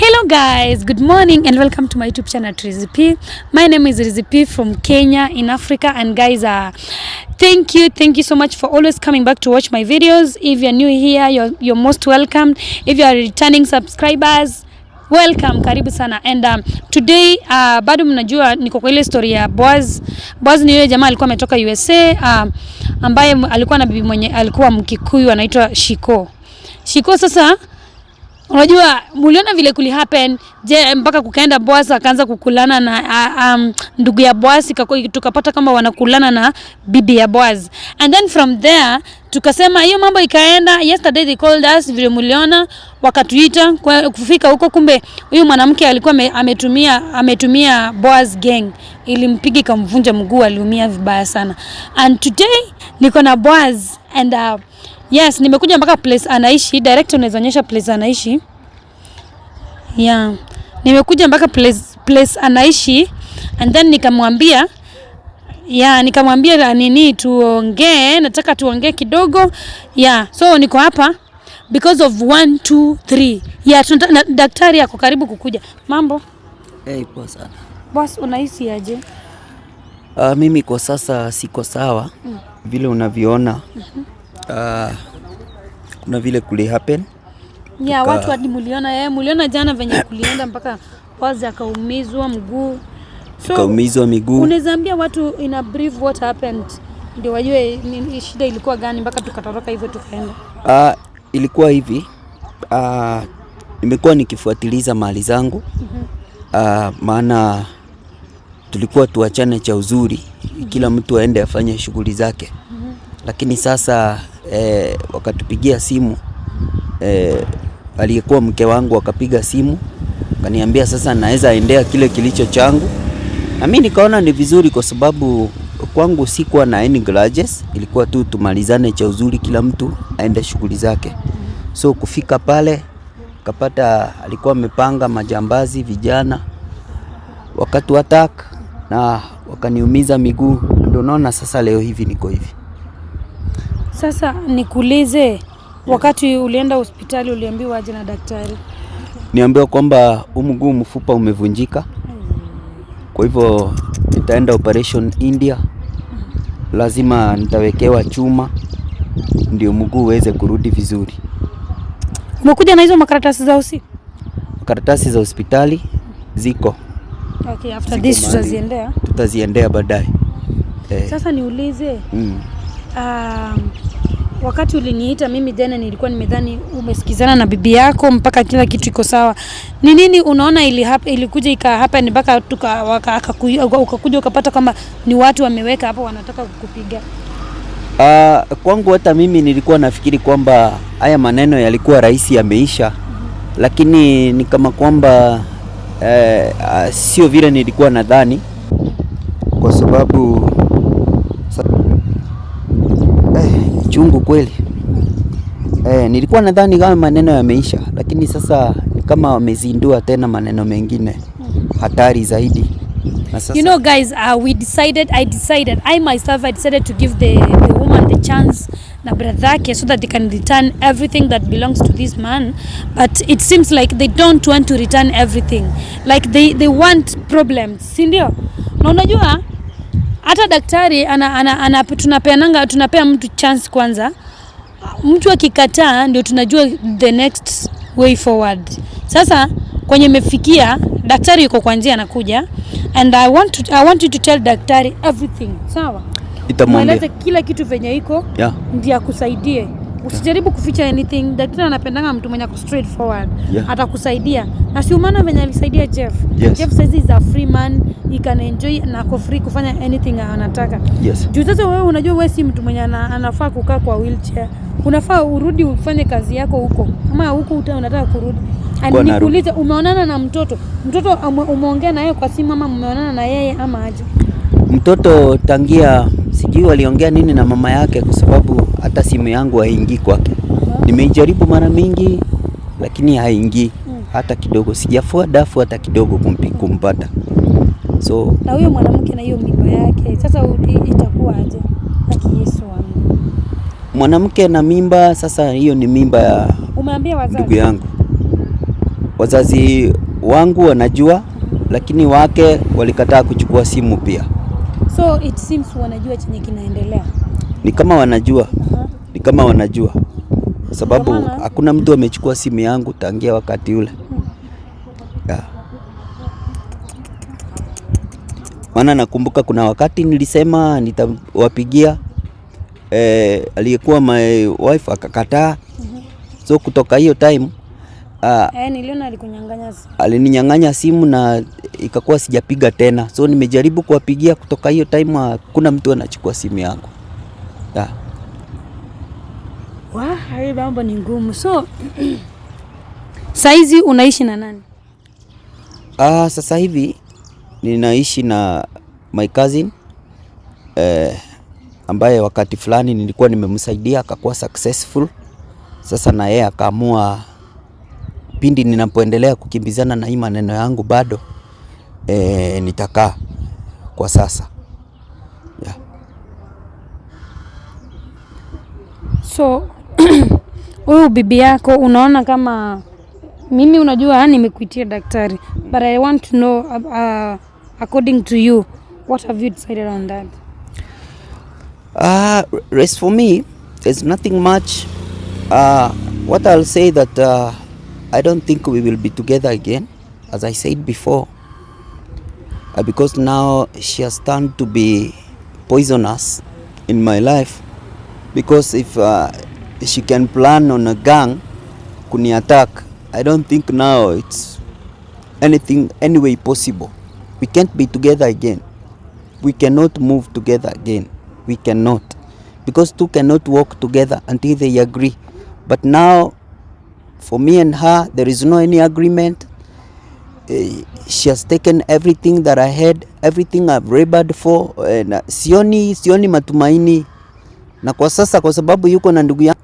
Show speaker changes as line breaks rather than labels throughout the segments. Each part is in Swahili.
Hello guys, good morning and welcome to my YouTube channel at Rizzi P. My name is Rizzi P from Kenya in Africa and guys uh, thank you thank you so much for always coming back to watch my videos. If you're new here, you're, you're most welcome. If you are returning subscribers Welcome, karibu sana and um, today uh, bado mnajua niko kwa ile story ya Boaz. Boaz ni yule jamaa alikuwa ametoka USA uh, um, ambaye alikuwa na bibi mwenye alikuwa Mkikuyu anaitwa Shiko. Shiko sasa Unajua muliona vile kuli happen je, mpaka kukaenda Bwasi akaanza kukulana na uh, um, ndugu ya Bwasi tukapata kama wanakulana na bibi ya Bwasi, and then from there tukasema hiyo mambo ikaenda. Yesterday they called us, vile muliona, wakatuita kufika huko, kumbe huyu mwanamke alikuwa me, ametumia ametumia Bwasi gang, ilimpiga ikamvunja mguu, aliumia vibaya sana, and today niko na Bwasi and uh, Yes, nimekuja mpaka place anaishi. Direct unaweza onyesha place anaishi. Yeah. Nimekuja mpaka place, place anaishi and then nikamwambia yeah, nikamwambia nini tuongee, nataka tuongee kidogo. Yeah, so niko hapa because of 1 2 3. Yeah, daktari ako karibu kukuja. Mambo?
Hey, poa sana.
Boss, unahisi aje?
Uh, mimi kwa sasa siko sawa mm. Vile unaviona. mm -hmm. Uh, kuna vile kuli happen
ya yeah, watu hadi muliona yeye, eh, muliona jana venye kulienda mpaka wazi akaumizwa mguu
so, akaumizwa miguu.
Unaweza ambia watu in a brief what happened ndio wajue shida ilikuwa gani mpaka tukatoroka hivyo tukaenda.
Uh, ilikuwa hivi uh, nimekuwa nikifuatiliza mali zangu mm -hmm. uh, maana tulikuwa tuachane cha uzuri, kila mtu aende afanye shughuli zake mm -hmm. lakini sasa e, wakatupigia simu e, aliyekuwa mke wangu akapiga simu akaniambia sasa naweza endea kile kilicho changu, na mimi nikaona ni vizuri, kwa sababu kwangu sikuwa na any grudges, ilikuwa tu tumalizane cha uzuri, kila mtu aende shughuli zake. So kufika pale kapata alikuwa amepanga majambazi vijana wakatu attack na wakaniumiza miguu, ndio naona sasa leo hivi niko hivi.
Sasa nikuulize, wakati ulienda hospitali uliambiwa aje na daktari?
Niambiwa kwamba huu mguu mfupa umevunjika, kwa hivyo nitaenda operation India, lazima nitawekewa chuma ndio mguu uweze kurudi vizuri.
Umekuja na hizo makaratasi za usi?
Makaratasi za hospitali ziko.
Okay, after this tutaziendea,
tutaziendea baadaye.
Eh. Sasa niulize mm. um, Wakati uliniita mimi jana, nilikuwa nimedhani umesikizana na bibi yako mpaka kila kitu iko sawa. Ni nini unaona ili hapa ilikuja ika hapa ni mpaka ukakuja ukapata kwamba ni watu wameweka hapo wanataka kukupiga?
Uh, kwangu hata mimi nilikuwa nafikiri kwamba haya maneno yalikuwa rahisi yameisha, mm-hmm. Lakini ni kama kwamba eh, uh, sio vile nilikuwa nadhani kwa sababu Chungu kweli. Eh, nilikuwa nadhani kama maneno yameisha, lakini sasa kama wamezindua tena maneno mengine hatari zaidi.
You know guys, uh, we decided, I decided, I myself, I decided to give the, the woman the chance na brother yake so that they can return everything that belongs to this man. But it seems like they don't want to return everything. Like they, they want problems, si ndio? Na unajua hata daktari ana, ana, ana, tunapeananga tunapea mtu chance kwanza, mtu akikataa ndio tunajua the next way forward. Sasa kwenye imefikia daktari yuko kwanzia anakuja, and I want to, I want you to tell daktari everything sawa, itamwambia kila kitu venye iko yeah, ndio akusaidie Usijaribu kuficha anything. Daktari anapendanga mtu mwenye ako straight forward. Yeah. Atakusaidia. Na si umana venye alisaidia Jeff. Yes. Jeff says he's a free man, he can enjoy na ako free kufanya anything anataka. Yes. Juu sasa wewe unajua wewe si mtu mwenye anafaa kukaa kwa wheelchair. Unafaa urudi ufanye kazi yako huko. Ama huko unataka kurudi. Nikuulize umeonana na mtoto? Mtoto umeongea na yeye kwa simu ama umeonana na yeye ama aje?
Mtoto tangia Sijui waliongea nini na mama yake, kwa sababu hata simu yangu haingii kwake. Nimeijaribu mara mingi, lakini haingii hata kidogo. Sijafua dafu hata kidogo kumpata.
So na huyo mwanamke na hiyo mimba yake, sasa itakuwa aje?
Mwanamke na mimba, sasa hiyo ni mimba ya ndugu yangu. Wazazi wangu wanajua, lakini wake walikataa kuchukua simu pia.
So it seems wanajua chenye kinaendelea,
ni kama wanajua uh -huh. Ni kama wanajua sababu hakuna mtu amechukua simu yangu tangia wakati ule hmm. yeah. Maana nakumbuka kuna wakati nilisema nitawapigia eh, aliyekuwa my wife akakataa, uh-huh. so kutoka hiyo time
Ah. Eh, simu.
Alininyang'anya simu na ikakuwa sijapiga tena, so nimejaribu kuwapigia kutoka hiyo time, hakuna mtu anachukua simu yangu.
Hayo mambo ni ngumu. So saizi unaishi na nani?
Ah, sasa hivi ninaishi na my cousin eh, ambaye wakati fulani nilikuwa nimemsaidia akakuwa successful. Sasa na yeye akaamua pindi ninapoendelea kukimbizana na hii maneno yangu bado e, nitakaa kwa sasa yeah.
So huyu bibi yako unaona kama mimi, unajua ah, nimekuitia daktari, but I want to know uh, uh, according to you what have you decided on that?
Uh, rest for me there's nothing much uh, what I'll say that uh, I don't think we will be together again, as I said before, uh, because now she has turned to be poisonous in my life, because if uh, she can plan on a gang kuni attack, I don't think now it's anything any way possible. We can't be together again. We cannot move together again. We cannot. Because two cannot work together until they agree. But now For me and her, there is no any agreement. uh, She has taken everything that I had, everything I've labored for. and uh, sioni, sioni matumaini na kwa sasa, kwa sababu yuko na ndugu yangu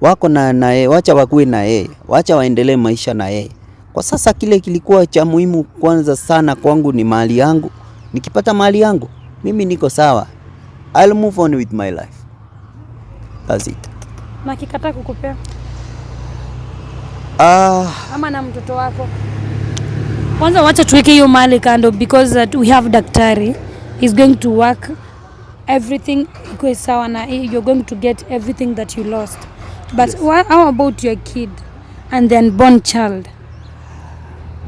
wako na naye, wacha wakuwe na yeye, wacha waendelee maisha na yeye. Kwa sasa kile kilikuwa cha muhimu kwanza sana kwangu ni mali yangu. Nikipata mali yangu mimi niko sawa. I'll move on with my life. That's it.
Na kikataa kukupea Uh, ama na mtoto wako kwanza, wacha tuweke hiyo mali kando because that we have daktari he's going to work everything iko sawa, na you're going to get everything that you lost but yes. What, how about your kid and then born child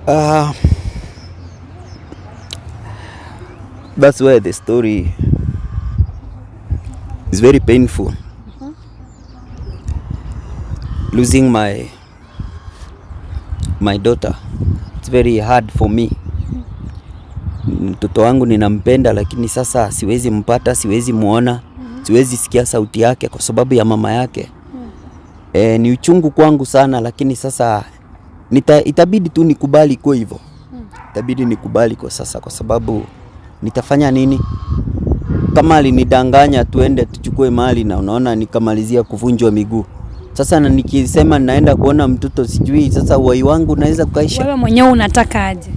uh,
that's where the story is very painful uh -huh. losing my my daughter. It's very hard for me. Mtoto wangu ninampenda, lakini sasa siwezi mpata, siwezi muona, mhm. siwezi sikia sauti yake kwa sababu ya mama yake. E, ni uchungu kwangu sana, lakini sasa nita, itabidi tu nikubali kwa hivyo, mhm. itabidi nikubali kwa sasa, kwa sababu nitafanya nini? Kama alinidanganya tuende tuchukue mali na unaona, nikamalizia kuvunjwa miguu. Sasa na nikisema naenda kuona mtoto sijui sasa uhai wangu naweza kukaisha.
Wewe mwenyewe unataka aje?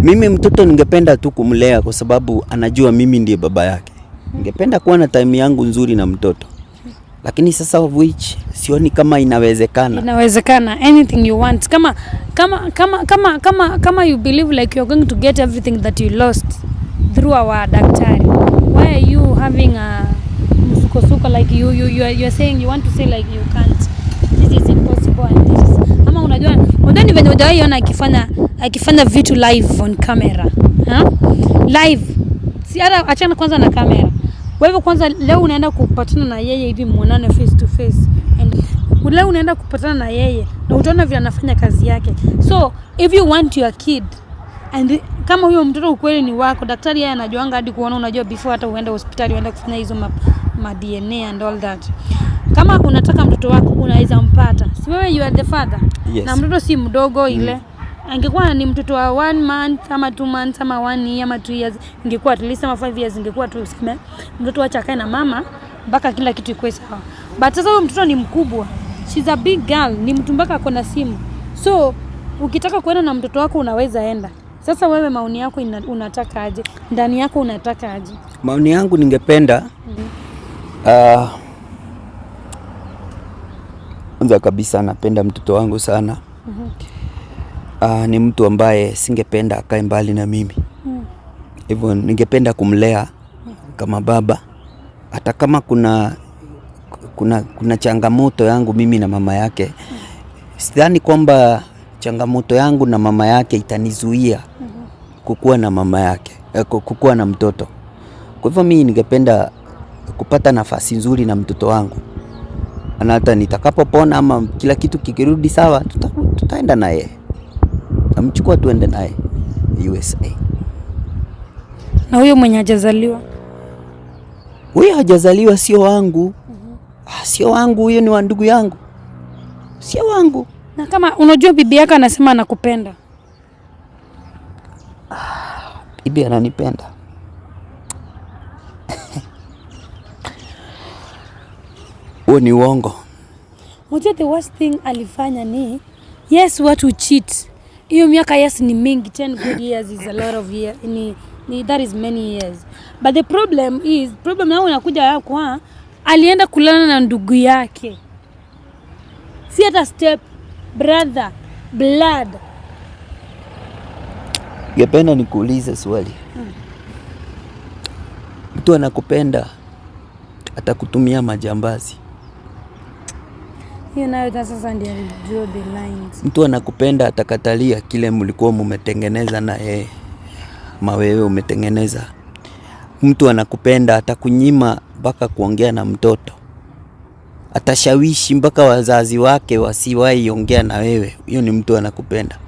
Mimi mtoto ningependa tu kumlea kwa sababu anajua mimi ndiye baba yake. Ningependa kuwa na time yangu nzuri na mtoto. Lakini sasa of which sioni kama inawezekana.
Inawezekana anything you want. Kama kama kama kama kama kama you believe like you're going to get everything that you lost through our daktari. Why are you having a yako like you, you, you, are, you are saying you want to say like you can't. This is impossible and this is... Ama unajua unadhani venye hujawahi ona akifanya akifanya vitu live on camera. Ha? Live. Si ara achana kwanza na kamera. Wewe kwanza leo unaenda kupatana na yeye hivi muonane face to face and leo unaenda kupatana na yeye na utaona vile anafanya kazi yake. So if you want your kid and kama huyo mtoto ukweli ni wako, daktari yeye anajuanga hadi kuona, unajua before hata uende hospitali uende kufanya hizo map ma DNA and all that. Kama unataka mtoto wako unaweza mpata, si wewe you are the father yes. Na mtoto si mdogo mm. ile mm. Angekuwa ni mtoto wa one month ama two months ama one year ama two years, ingekuwa at least ama five years, ingekuwa tu useme mtoto acha akae na mama mpaka kila kitu ikuwe sawa, but sasa huyo mtoto ni mkubwa, she's a big girl, ni mtu mpaka ako na simu, so ukitaka kuenda na mtoto wako unaweza enda. Sasa wewe maoni yako unataka aje? Ndani yako unataka aje?
Maoni yangu ningependa Ah, kwanza uh, kabisa napenda mtoto wangu sana uh, ni mtu ambaye singependa akae mbali na mimi mm. hivyo hmm. Ningependa kumlea kama baba, hata kama kuna, kuna, kuna changamoto yangu mimi na mama yake hmm. Sidhani kwamba changamoto yangu na mama yake itanizuia mm-hmm. kukuwa na mama yake eh, kukuwa na mtoto. Kwa hivyo mimi ningependa kupata nafasi nzuri na mtoto wangu, na hata nitakapopona ama kila kitu kikirudi sawa, tuta, tutaenda naye, namchukua tuende naye USA.
Na huyo mwenye hajazaliwa,
huyo hajazaliwa, sio wangu. -hmm. sio wangu huyo, ni wa ndugu yangu, sio wangu.
Na kama unajua bibi yako anasema anakupenda.
Ah, bibi ananipenda Huo ni uongo.
Unajua the worst thing alifanya ni yes, watu cheat. Hiyo miaka yes ni mingi, 10 good years is a lot of years. Ni, ni that is many years. But the problem is problem yao unakuja ya kwa alienda kulala na ndugu yake, si hata step brother blood.
Ngependa nikuulize swali hmm. Mtu anakupenda atakutumia majambazi
hiyo nayo sasa ndio draw the lines.
Mtu anakupenda atakatalia kile mlikuwa mumetengeneza na yeye, mawewe umetengeneza. Mtu anakupenda atakunyima mpaka kuongea na mtoto, atashawishi mpaka wazazi wake wasiwahi ongea na wewe. Hiyo ni mtu anakupenda.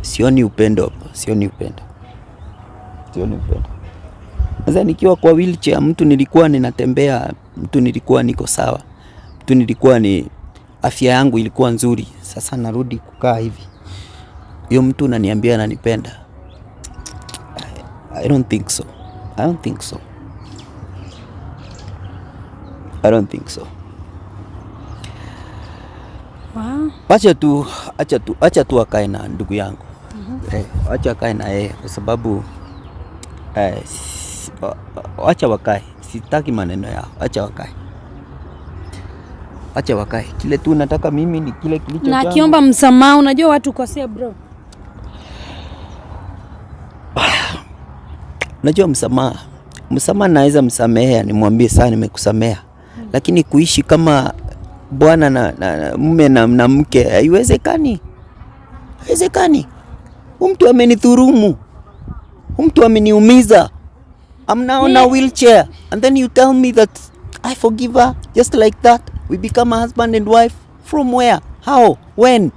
Sioni upendo hapo, sioni upendo, sioni upendo. Sasa nikiwa kwa wheelchair, mtu nilikuwa ninatembea, mtu nilikuwa niko sawa kitu nilikuwa ni afya yangu ilikuwa nzuri. Sasa narudi kukaa hivi, hiyo mtu unaniambia ananipenda? I don't think so. I don't think so. I don't think so. Wow. Acha tu, acha tu, acha tu akae na ndugu yangu. Mm -hmm. Eh, acha akae na yeye kwa sababu eh, acha wakae. Sitaki maneno yao. Acha wakae acha wakae. Kile tu nataka mimi ni kile kilicho
na kiomba msamaha. Unajua watu kosea bro,
najua msamaha, msamaha naweza msamehea, nimwambie saa nimekusamea, hmm. Lakini kuishi kama bwana na, na mume na, na mke haiwezekani, haiwezekani. Mtu amenidhurumu, mtu ameniumiza. I'm now on a wheelchair and then you tell me that I forgive her just like that We become a husband and wife from where? How? When?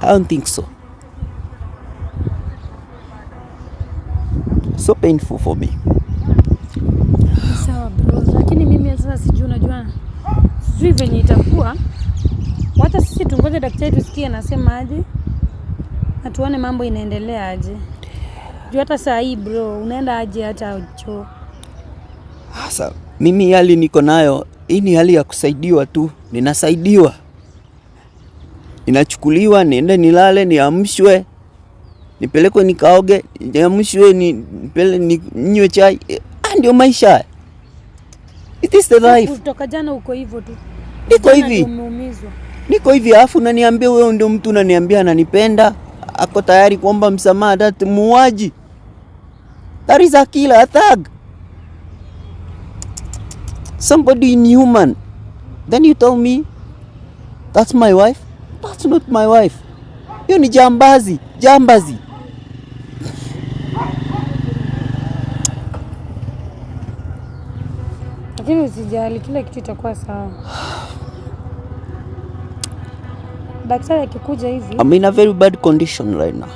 I don't think so. So painful for me.
Sawa bro, lakini mimi sasa sijui, unajua sijui venye itakuwa. Hata sisi tungoje daktari tusikie anasemaje, na tuone mambo inaendelea aje. Juu hata saa hii bro, unaenda aje hata cho.
Sasa mimi hali niko nayo hii ni hali ya kusaidiwa tu, ninasaidiwa, ninachukuliwa, niende nilale, niamshwe, nipelekwe nikaoge, niamshwe, ninywe chai. Ah, ndio maisha. It is the life.
Kutoka jana uko hivyo tu,
niko hivi, niko hivi, alafu naniambia wewe ndio mtu unaniambia ananipenda, ako tayari kuomba msamaha, that muaji. that is a killer, thug somebody inhuman. Then you tell me that's my wife? That's not my wife. Hiyo ni jambazi, jambazi.
Lakini usijali, kila kitu itakuwa sawa. Daktari akikuja hivi.
I'm in a very bad condition right now.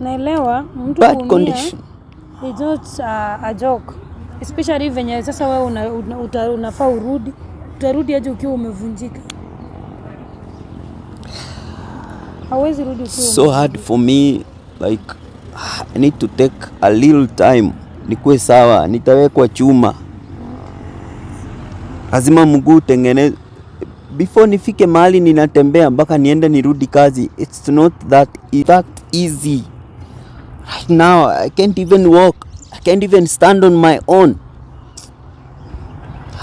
Naelewa mtu bad condition. It's not uh, a joke especially venye sasa wewe una, una, una, unafaa urudi, utarudi aje ukiwa umevunjika? Hawezi rudi ukiwa
so hard for me like I need to take a little time nikuwe sawa, nitawekwa chuma, lazima mguu utengeneze before nifike mahali ninatembea mpaka niende nirudi kazi. It's not that, that easy right now. I can't even walk I can't even stand on my own.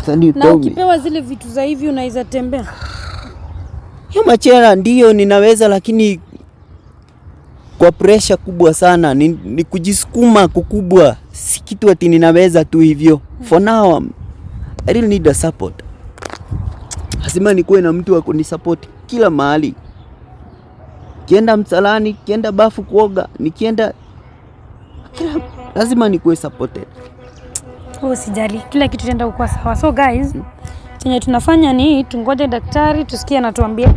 Then you Na ukipewa zile vitu za hivi unaweza tembea?
Hiyo machera ndiyo ninaweza, lakini kwa presha kubwa sana ni, ni kujisukuma kukubwa, si kitu ati ninaweza tu hivyo. For now um, I really need a support. Lazima nikuwe na mtu wa kunisupport kila mahali, kienda msalani, kienda bafu kuoga, nikienda kila lazima nikuwe supported.
Usijali, oh, kila kitu tenda kuwa sawa. So guys, chenye tunafanya ni tungoje daktari tusikie anatuambia.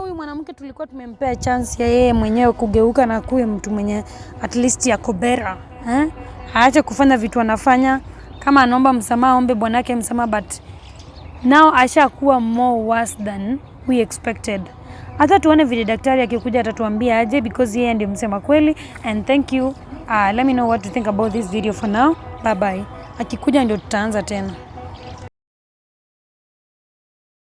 Huyu mwanamke tulikuwa tumempea chance ya yeye mwenyewe kugeuka na kuwe mtu mwenye at least ya kobera eh, aache kufanya vitu anafanya. Kama anaomba msamaha, ombe bwanake msamaha, but now ashakuwa more worse than we expected. Hata tuone vile daktari akikuja atatuambia aje, because yeye ndiye msema kweli. And thank you Uh, let me know what you think about this video for now. Bye bye. Akikuja ndio tutaanza tena.